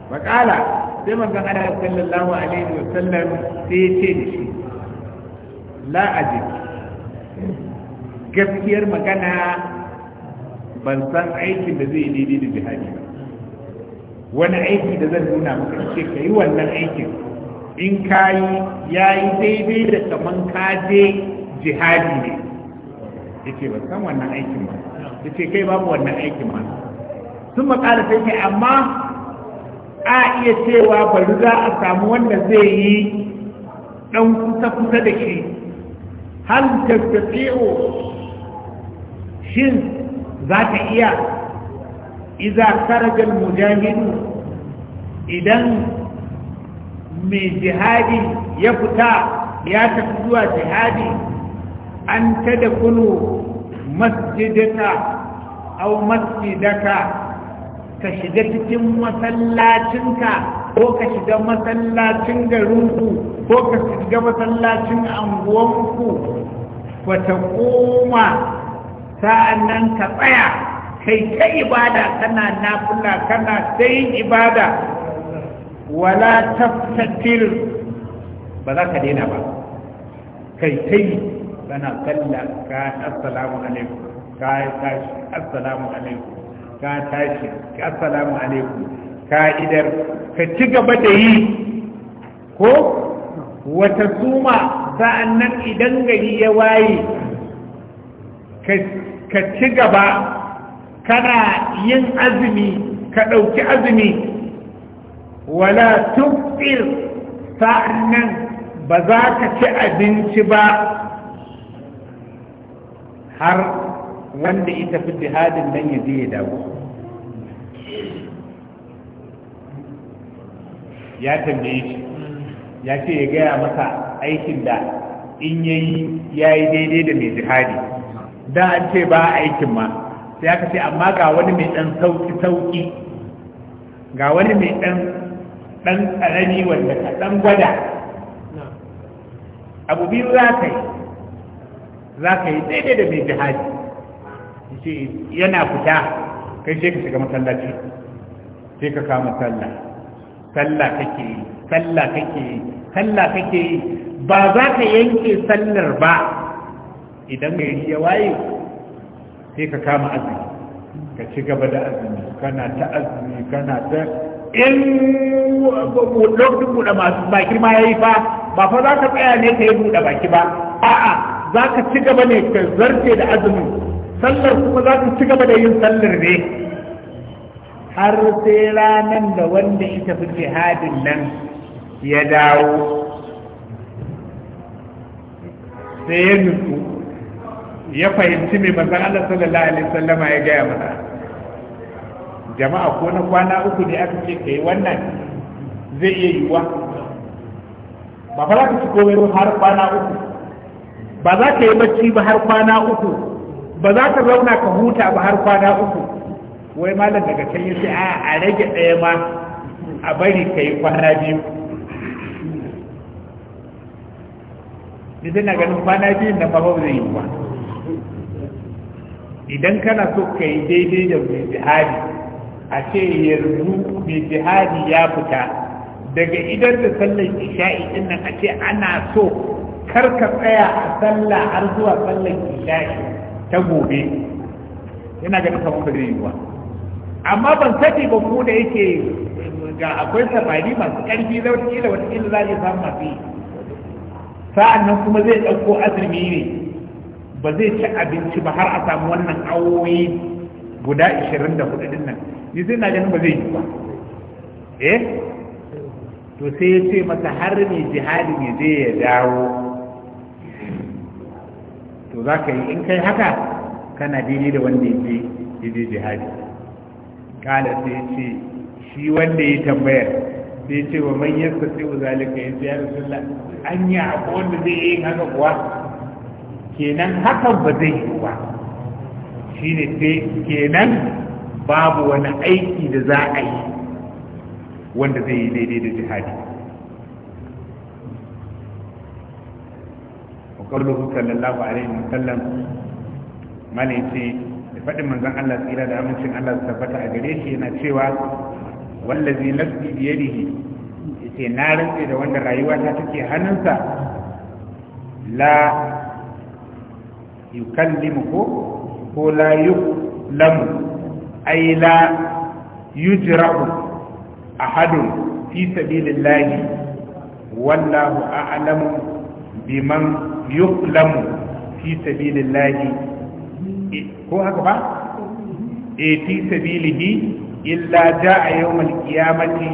Speaker 1: faqala sai manzon Allah sallallahu alaihi wa wasallam sai ya ce da shi la ajid gaskiyar magana ban san aikin da zai daidai da jihadi ba wani aiki da zan nuna maka ce ka yi wannan aikin in ka yi ya yi daidai da kaman ka je jihadi ne ya ce ban san wannan aikin ba ya ce kai babu wannan aikin ma sun makala sai kai amma a iya cewa bari za a samu wanda zai yi ɗan kusa-kusa da shi hal tattatsiyo shin za ta iya iza karajar mujahidu idan mai jihadi ya fita ya tafi zuwa jihadi an ta da kunu masjidata au masjidaka ka shiga cikin masallacinka ko ka shiga masallacin garinku ko ka shiga masallacin anguwanku wata koma sa'annan ka tsaya kai ta ibada kana nafula kana ta yin ibada wala taftatir ba za ka daina ba kai ta yi kana tsalla ka assalamu alaikum ka tashi assalamu alaikum ka tashi assalamu alaikum ka idar ka ci gaba da yi ko wata suma sa'an nan idan gari ya waye ka ci gaba kana yin azumi ka ɗauki azumi wala tufir sa'an nan ba za ka ci abinci ba har wanda ita fi jihadin nan ya je ya dawo ya tambaye shi ya ce ya gaya masa aikin da in ya yi ya yi daidai da mai jihadi da an ce ba aikin ma sai aka ce amma ga wani mai ɗan sauki-sauki ga wani mai ɗan ƙarami wanda ka ɗan gwada abu biyu za ka yi za ka yi daidai da mai jihadi ce yana fita kai sai ka shiga masallaci sai ka kama sallah sallah kake yi sallah kake yi sallah kake yi ba za ka yanke sallar ba idan yi ya waye sai ka kama azumi ka ci gaba da azumi kana ta azumi kana ta in lokacin buɗe masu baki ma ya yi fa ba fa za ka tsaya ne ka yi buɗe baki ba a'a za ka ci gaba ne ka zarce da azumin sallar kuma za ku ci gaba da yin sallar ne har sai ranar da wanda ita fi jihadin nan ya dawo sai ya nutsu ya fahimci mai manzan Allah sallallahu alaihi sallama ya gaya mana jama'a ko na kwana uku ne aka ce kai wannan zai iya yiwuwa ba fa za ka ci komai har kwana uku ba za ka yi bacci ba har kwana uku ba za ka zauna ka huta ba har kwana uku wai malam daga can yi sai a rage ɗaya ma a bari ka yi kwana biyu idan ganin kwana biyu na babu zai yi ba idan kana so ka yi daidai da mai jihadi a ce yanzu mai jihadi ya fita daga idan da sallar isha'i din nan a ce ana so kar ka tsaya a sallah har zuwa sallar isha'i ta gobe yana ganin kamar da zai yiwuwa amma ban sani ba ko da yake ga akwai sabani masu ƙarfi da wata kila wata kila za a samu masu yi sa'an nan kuma zai ɗauko azumi ne ba zai ci abinci ba har a samu wannan awoyi guda 24 din nan ni sai na ganin ba zai yi ba eh to sai ya ce masa har ne jihadin ne zai ya dawo to za ka yi in kai haka kana daidai da wanda ya je jihadi kala sai ce shi wanda ya tambayar sai ce wa manyan ka sai wa zalika ya ce ya rasulullah an yi abu wanda zai yi haka kuwa kenan hakan ba zai yi ba shi ne sai kenan babu wani aiki da za a yi wanda zai yi daidai da jihadi qawluhu sallallahu alaihi wa sallam mala ce da faɗin manzon Allah tsira da amincin Allah su tabbata a gare shi yana cewa wallazi nafsi bi yadihi yace na da wanda rayuwa ta take hannunsa la yukallimu ko ko la yuklamu ay la yujra'u ahadun fi sabilillahi wallahu a'lamu biman yuklamu fi sabilillahi eh, ko haka ba e fi sabilihi illa jaa yawmal qiyamati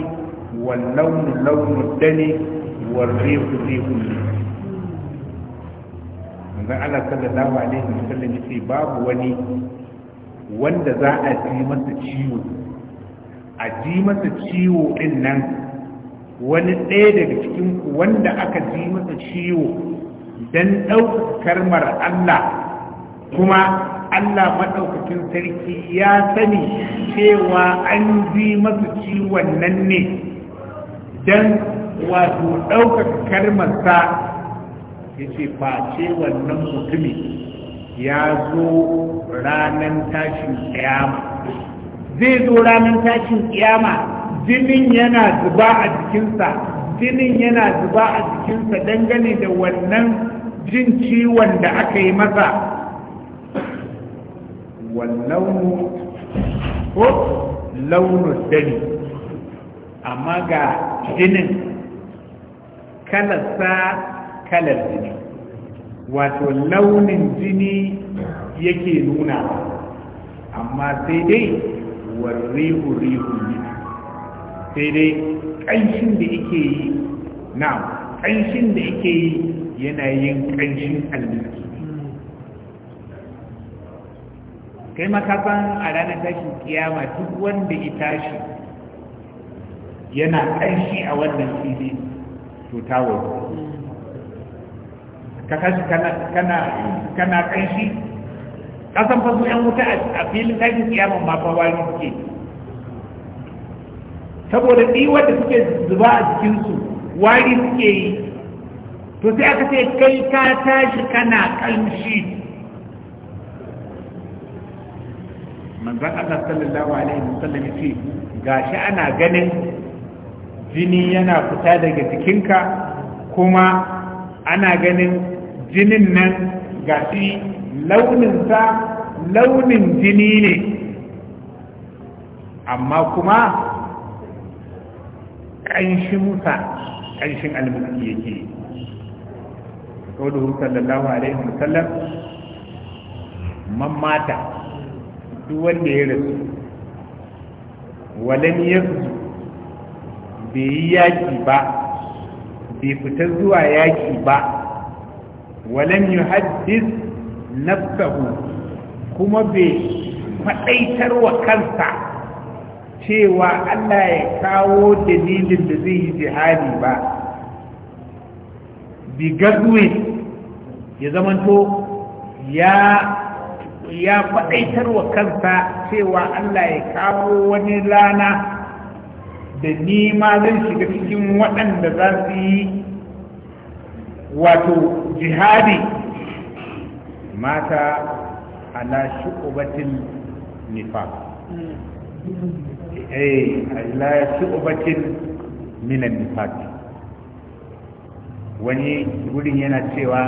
Speaker 1: wal lawnu lawnu dani wal rihu rihu manzon Allah sallallahu alaihi wasallam yace babu wani wanda za a ji masa ciwo a ji masa ciwo din nan wani ɗaya daga cikin wanda aka ji masa ciwo dan ɗaukar mar Allah kuma Allah maɗaukakin sarki ya sani cewa an bi masu ciwon nan ne dan wato ɗaukar karmarsa ya ce face wannan mutumi ya zo ranar tashin kiyama zai zo ranar tashin kiyama jinin yana zuba a jikinsa jinin yana zuba a jikinsa dangane da wannan jin ciwon da aka yi masa wallaunu ko launin dani amma ga jinin kalarsa kalar jini wato launin jini yake nuna amma sai dai warrihu rihun sai dai ƙanshin da yake yi na ƙanshin da yake yi yana yin ƙanshin almiski kai makasan a ranar tashi kiyama duk wanda ya tashi yana ƙanshi a wannan fili to tawo ka kashi kana ƙanshi ƙasan fasu yan wuta a filin tashi kiyama ma fawari suke saboda ɗi wadda suke zuba a jikinsu wari suke yi to sai aka ce kai ka tashi kana ƙamshi manzan Allah sallallahu alaihi wasallam ce gashi ana ganin jini yana fita daga jikinka kuma ana ganin jinin nan gashi launinsa launin jini ne amma kuma ƙanshinsa ƙanshin almuski yake Kaɗuwar Sallamahu alaihi wa sallam. Mamata, zuwa ɗaya ya rasu. Walan yanzu bai yi yaƙi ba. Bai fita zuwa yaƙi ba. Walan yoha'id na kuma bai faɗaitar wa kansa. Cewa Allah ya kawo dalilin da zai yi jihari ba. Bi gal ya zamanto ya faɗaitar wa kansa cewa Allah ya kawo wani rana da ni ma zan shiga cikin waɗanda za su yi wato jihadi mata ala shu'ubatin nifa eh ala shu'ubatin minan nifa wani wurin yana cewa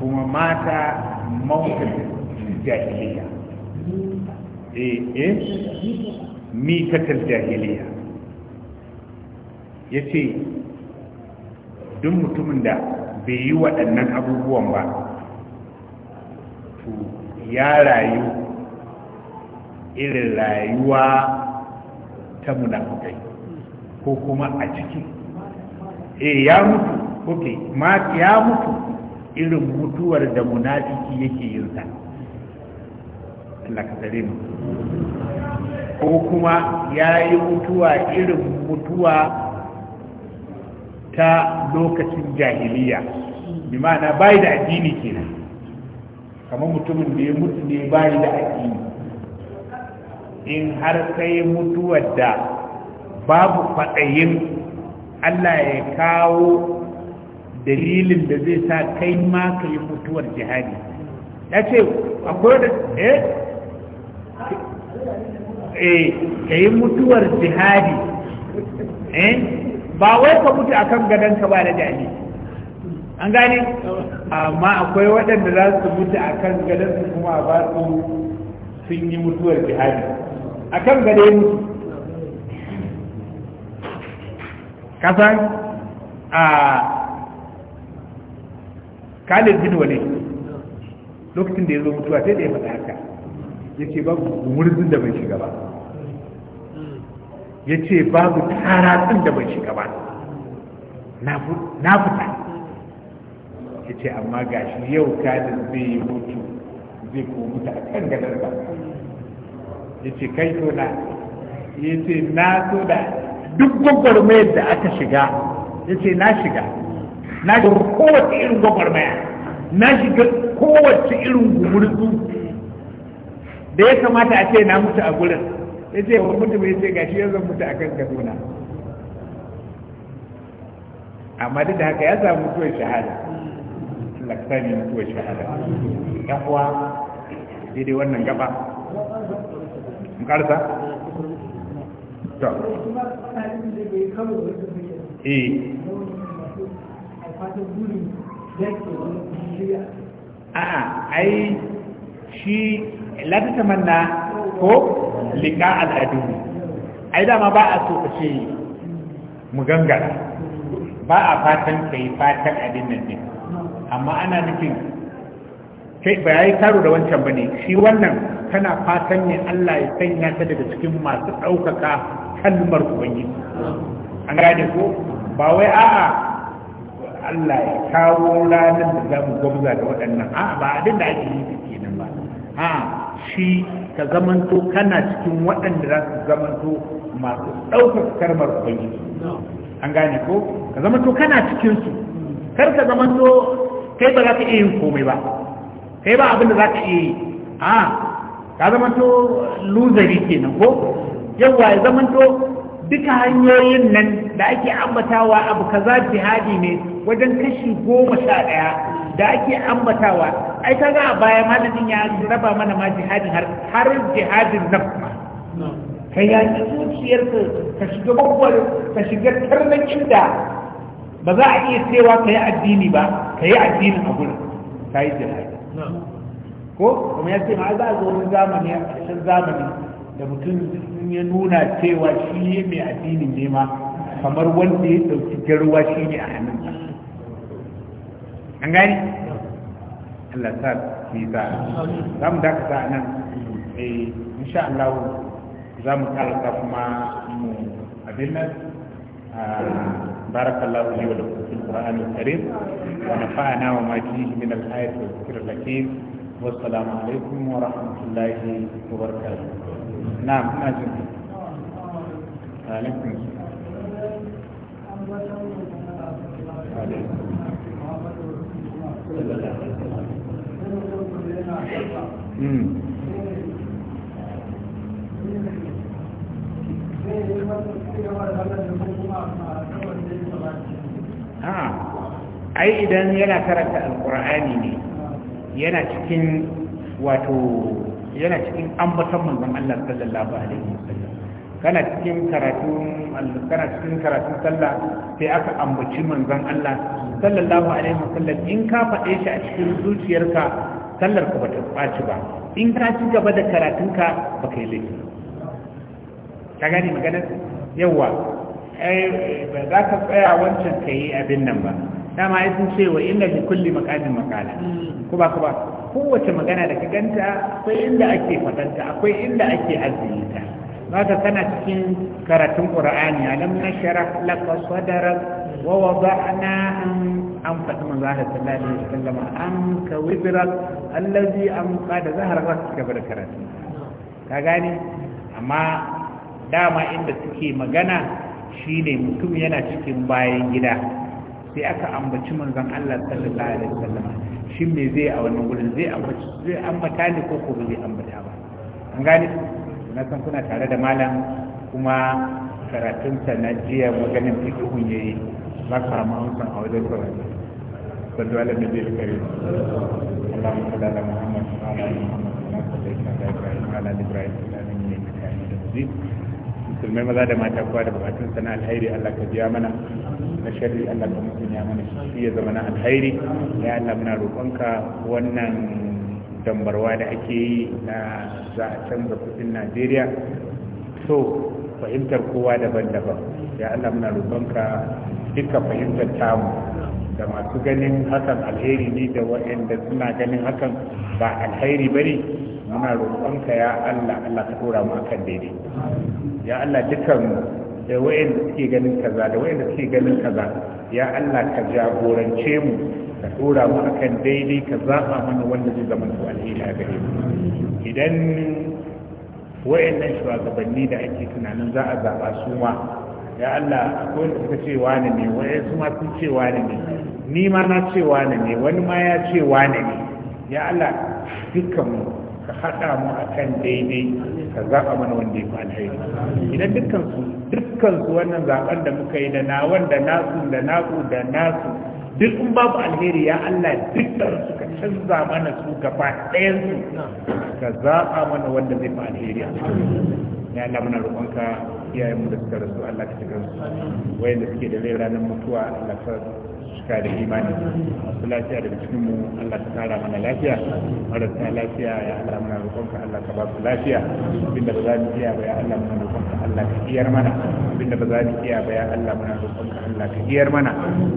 Speaker 1: kuma mata maukatin jahiliya eh E, mikatar jahiliya ya ce duk mutumin da bai yi waɗannan abubuwan ba to ya rayu irin rayuwa ta munafukai ko kuma a ciki e ya mutu ok ya mutu irin mutuwar da munafiki yake yin sa Allah ko kuma ya yi mutuwa irin mutuwa ta lokacin jahiliya bi ma'ana bai da addini kenan kamar mutumin da ya mutu ne bai da addini in har sai mutuwar da babu faɗayin Allah ya kawo dalilin da zai sa kai ma ka yi mutuwar jihadi ya ce akwai da eh, eh ka yi mutuwar jihadi eh ba wai ka mutu akan gadon ka ba da jami an gane amma akwai waɗanda za su mutu akan gadon su kuma ba su sun yi mutuwar jihadi akan gado mutu kasan a Khalid bin Walid lokacin da ya zo mutuwa sai da ya faɗa haka ya ce babu murzin da bai shiga ba ya ce babu taratsin da bai shiga ba na fita ya ce amma gashi yau Khalid zai mutu zai kuma mutu a kan gadar ba ya ce kai so na ya ce na so da duk gwagwarmayar da aka shiga ya ce na shiga na shiga kowace irin gwagwarmaya na shiga kowace irin gumurzu da ya kamata a ce na mutu a gurin ya ce wa mutu mai ce gashi ya zan mutu a kan kaduna amma duk da haka ya samu mutuwar shahada laksani mutuwar shahada Ya uwa daidai wannan gaba in karsa to eh. a'a ai shi lati manna ko liƙa al'adu ai dama ba a so ka ce mu gangara ba a fatan ka yi fatan abin nan ne amma ana nufin kai ba yi karo da wancan ne, shi wannan kana fatan ne Allah ya sanya ta daga cikin masu ɗaukaka kalmar ubangiji an gane ko ba wai a'a Allah ya kawo ranar da za mu gwamza da waɗannan a ba abin da ake yi da nan ba ha shi ka zamanto kana cikin waɗanda za su zamanto masu ɗaukar karmar ubangiji an gane ko ka zamanto kana cikin su kar ka zamanto kai ba za ka iya yin komai ba kai ba abin da za ka iya yi ha ka zamanto luzari kenan ko yawa ya zamanto duka hanyoyin nan da ake ambatawa abu kaza jihadi ne wajen kashi goma sha ɗaya da ake ambatawa ai kaga a baya malamin ya raba mana ma jihadin har har jihadin nafsa ka yaki zuciyarka ka shiga babbar ka shiga tarnakin da ba za a iya cewa ka yi addini ba ka yi addinin a gurin ka yi jihadi ko kuma ya ce ma za a zo wani zamani a ƙarshen zamani da mutum ya nuna cewa shi ne mai addinin ne ma kamar wanda ya dauki garwa shi ne a hannun an gani Allah sa za a za mu dakata a nan a insha Allah za mu kalata kuma mu abin nan بارك الله لي ولكم في القرآن الكريم ونفعنا وما فيه من الآية والذكر الحكيم والسلام عليكم ورحمة الله وبركاته نعم أجل عليكم Mm. ai idan yana karanta alkur'ani ne yana cikin wato yana cikin ambaton manzon Allah sallallahu alaihi wasallam kana cikin karatu kana cikin karatun sallah sai aka ambaci manzon Allah sallallahu alaihi wasallam in ka faɗe shi a cikin zuciyarka sallar ka bata ɓaci ba in ka ci gaba da karatun ka ba kai laifi ka gani magana yawa za ka tsaya wancan ka yi abin nan ba dama ya sun cewa inda bi kulli makamin makala mm. ko ba ko ba kowace magana da ka ganta akwai inda ake fadanta akwai inda ake azzinta zaka kana cikin karatun qur'ani alam nashrah laka sadrak wa wada'na an fadi manzo Allah sallallahu alaihi wasallam an ka wibrak allazi amqada zaharak gaba da karatu ka gane amma dama inda suke magana shine mutum yana cikin bayan gida sai aka ambaci manzon Allah sallallahu alaihi wasallam shin me zai a wannan gurin zai ambaci zai ambata ne ko ko ba zai ambata ba an gane na san kuna tare da malam kuma karatun sa na jiya maganin fiqhun yayi ba ka ma hankan a wajen karatu sallu ala nabiyil karim Allahu صل على محمد وعلى ال musulmai maza da mata kowa da bukatun sana alheri Allah ka biya mana na sharri Allah ka mutum ya mana shi ya zama na alhairi ya Allah muna roƙonka wannan dambarwa da ake yi na za a canza kuɗin Najeriya so fahimtar kowa daban-daban ya Allah muna roƙonka duka fahimtar tamu da masu ganin hakan alheri ne da waɗanda suna ganin hakan ba alheri ba ne muna roƙonka ya Allah Allah ka tura mu akan daidai ya Allah dukan da wayanda suke ganin kaza da wayanda suke ganin kaza ya Allah ka jagorance mu ka dora mu akan daidai ka zaba mana wanda zai zama to alheri a gare mu idan wayannan shugabanni da ake tunanin za a zaba su ma ya Allah akwai wanda suka ce wani ne wayansu ma sun ce wani ne ni ma na ce wani ne wani ma ya ce wani ne ya Allah dukkan mu ka haɗa mu a kan daidai ka zaɓa mana wanda ya fi alheri idan dukkansu dukkansu wannan zaɓen da muka yi da na wanda nasu da nasu da nasu duk in babu alheri ya Allah dukkansu ka canza mana su gaba ɗayansu ka zaɓa mana wanda zai fi alheri a ya Allah muna roƙonka iyayenmu da suka rasu Allah ka shiga su wayanda suke da rai ranar mutuwa Allah ka cika da imani masu lafiya daga cikin mu Allah ta tara mana lafiya marasa lafiya ya Allah muna roƙonka Allah ka ba su lafiya abinda ba za mu iya ba ya Allah muna roƙonka Allah ka iyar mana abinda ba za mu iya ba ya Allah muna roƙonka Allah ka iyar mana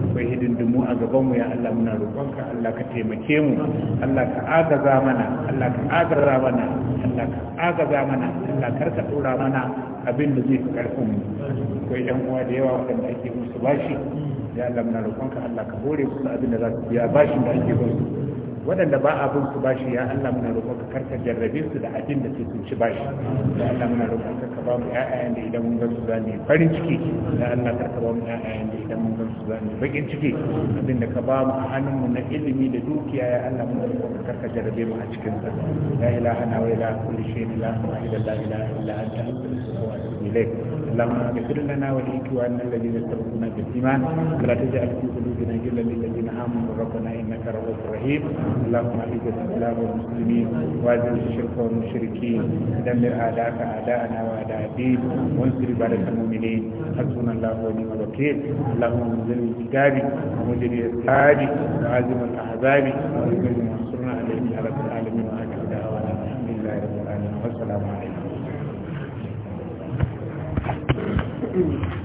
Speaker 1: akwai hidindimu a gaban mu ya Allah muna roƙonka Allah ka taimake mu Allah ka agaza mana Allah ka agaza mana Allah ka agaza mana Allah ka dora mana abin da zai fi karfin mu akwai yan uwa da yawa wanda ake musu bashi ya Allah muna roƙonka Allah ka hore su da abin da za su biya bashin da ake bin su waɗanda ba abin su bashi ya Allah muna roƙonka kar ka jarrabe su da abin da sun ci bashi ya Allah muna roƙonka ka ba mu ƴaƴayen da idan mun ga su zamu farin ciki ya Allah kar ka ba mu ƴaƴayen da idan mun ga su zamu bakin ciki abinda ka ba mu a hannun mu na ilimi da dukiya ya Allah muna roƙonka kar ka jarrabe mu a cikin sa la ilaha illa wa la kulli shay'in la ilaha illa anta astaghfiruka wa atubu ilayk اللهم اغفر لنا ولاخواننا الذين سبقونا بالايمان ولا تجعل في قلوبنا غلا للذين امنوا ربنا انك رؤوف رحيم اللهم اعز الاسلام والمسلمين واذل الشرك والمشركين دمر اعداءك اعداءنا واعداء الدين وانصر عبادك المؤمنين حسبنا الله ونعم الوكيل اللهم انزل الكتاب ومجل الاسلام وعزم الاحزاب وانصرنا عليهم يا رب العالمين واجعل دعوانا الحمد لله رب العالمين والسلام عليكم Mm-hmm.